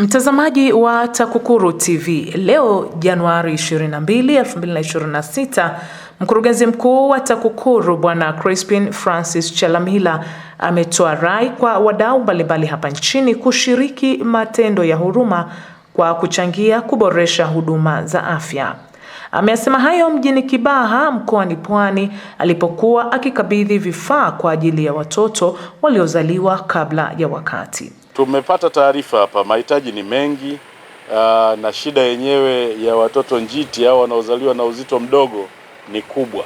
Mtazamaji wa TAKUKURU TV, leo Januari 22, 2026, mkurugenzi mkuu wa TAKUKURU Bwana Crispin Francis Chalamila ametoa rai kwa wadau mbalimbali hapa nchini kushiriki matendo ya huruma kwa kuchangia kuboresha huduma za afya. Ameyasema hayo mjini Kibaha mkoani Pwani alipokuwa akikabidhi vifaa kwa ajili ya watoto waliozaliwa kabla ya wakati. Tumepata taarifa hapa, mahitaji ni mengi aa, ah, na shida yenyewe ya watoto njiti au wanaozaliwa na uzito mdogo ni kubwa.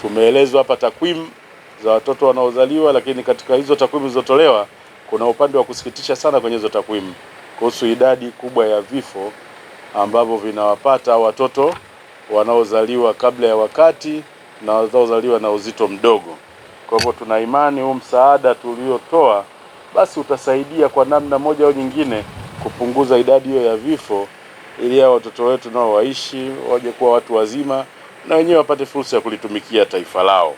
Tumeelezwa hapa takwimu za watoto wanaozaliwa, lakini katika hizo takwimu zilizotolewa kuna upande wa kusikitisha sana kwenye hizo takwimu kuhusu idadi kubwa ya vifo ambavyo vinawapata watoto wanaozaliwa kabla ya wakati na wanaozaliwa na uzito mdogo. Kwa hivyo tuna imani huu msaada tuliotoa basi utasaidia kwa namna moja au nyingine kupunguza idadi hiyo ya vifo, ili hao watoto wetu nao waishi, waje kuwa watu wazima na wenyewe wapate fursa ya kulitumikia taifa lao.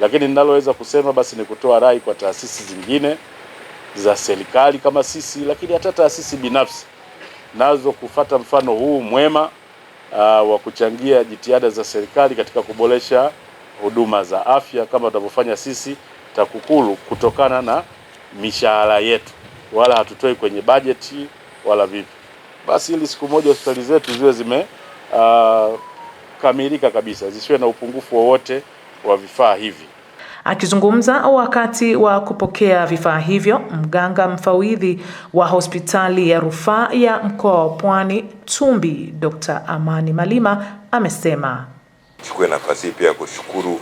Lakini ninaloweza kusema basi ni kutoa rai kwa taasisi zingine za serikali kama sisi, lakini hata taasisi binafsi nazo kufata mfano huu mwema uh, wa kuchangia jitihada za serikali katika kuboresha huduma za afya kama tunavyofanya sisi TAKUKURU kutokana na mishahara yetu, wala hatutoi kwenye bajeti wala vipi. Basi ili siku moja hospitali zetu ziwe zimekamilika uh, kabisa, zisiwe na upungufu wowote wa, wa vifaa hivi. Akizungumza wakati wa kupokea vifaa hivyo, mganga mfawidhi wa hospitali ya rufaa ya mkoa wa Pwani Tumbi, Dr. Amani Malima amesema chukue nafasi hii pia ya kushukuru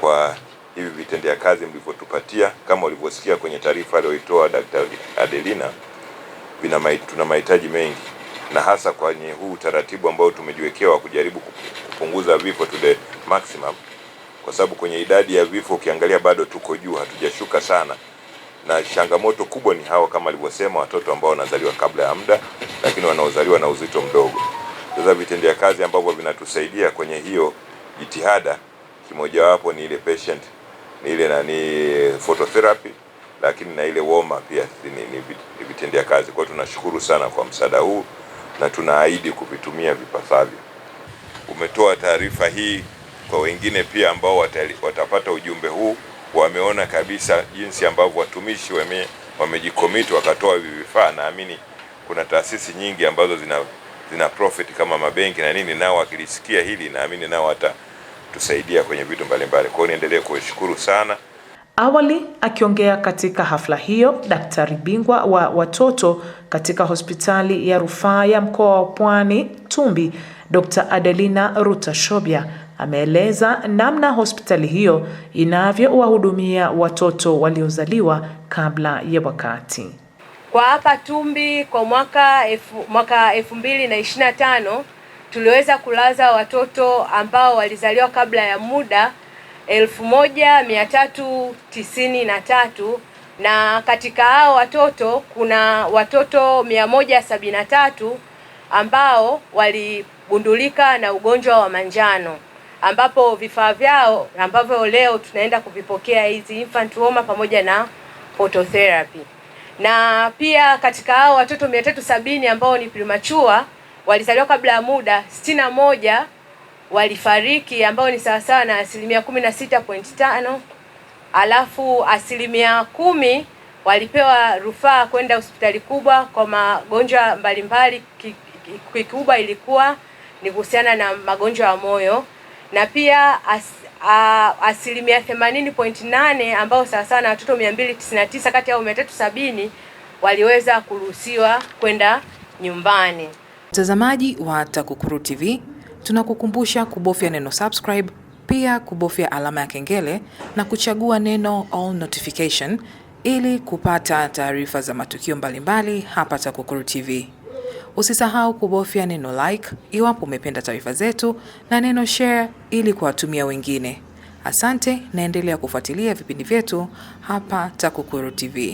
kwa hivi vitendea kazi mlivyotupatia. Kama ulivyosikia kwenye taarifa aliyoitoa Daktari Adelina, tuna mahitaji mengi, na hasa kwenye huu utaratibu ambao tumejiwekea wa kujaribu kupunguza vifo to the maximum kwa sababu kwenye idadi ya vifo ukiangalia bado tuko juu, hatujashuka sana, na changamoto kubwa ni hawa kama alivyosema, watoto ambao wanazaliwa kabla ya muda, lakini wanaozaliwa na uzito mdogo. Sasa vitendea kazi ambavyo vinatusaidia kwenye hiyo jitihada, kimojawapo ni ile patient ni ile nani phototherapy, lakini na ile warmer pia ni vitendea kazi. Kwa tunashukuru sana kwa msaada huu na tunaahidi kuvitumia vipasavyo. Umetoa taarifa hii kwa wengine pia ambao watali, watapata ujumbe huu wameona kabisa jinsi ambavyo watumishi wame, wamejikomiti wakatoa hivi vifaa. Naamini kuna taasisi nyingi ambazo zina, zina profit kama mabenki na nini, nao wakilisikia hili naamini nao watatusaidia kwenye vitu mbalimbali. Kwa hiyo niendelee kuwashukuru sana. Awali akiongea katika hafla hiyo, daktari bingwa wa watoto katika hospitali ya rufaa ya mkoa wa Pwani Tumbi, Dr. Adelina rutashobia ameeleza namna hospitali hiyo inavyowahudumia watoto waliozaliwa kabla ya wakati. Kwa hapa Tumbi kwa mwaka elfu, mwaka elfu mbili na ishirini na tano tuliweza kulaza watoto ambao walizaliwa kabla ya muda elfu moja mia tatu tisini na tatu na katika hao watoto kuna watoto mia moja sabini na tatu ambao waligundulika na ugonjwa wa manjano ambapo vifaa vyao ambavyo leo tunaenda kuvipokea hizi infant warmer pamoja na phototherapy. Na pia katika hao watoto sabini ambao ni premature walizaliwa kabla ya muda, sitini na moja walifariki ambao ni sawasawa na asilimia tano alafu asilimia kumi walipewa rufaa kwenda hospitali kubwa kwa magonjwa mbalimbali. Kikubwa ilikuwa ni kuhusiana na magonjwa ya moyo na pia as, a, asilimia 80.8 ambao sawasawa na watoto 299 kati ya 370 waliweza kuruhusiwa kwenda nyumbani. Mtazamaji wa TAKUKURU TV, tunakukumbusha kubofya neno subscribe, pia kubofya alama ya kengele na kuchagua neno all notification ili kupata taarifa za matukio mbalimbali hapa TAKUKURU TV. Usisahau kubofya neno like iwapo umependa taarifa zetu na neno share ili kuwatumia wengine. Asante, naendelea kufuatilia vipindi vyetu hapa TAKUKURU TV.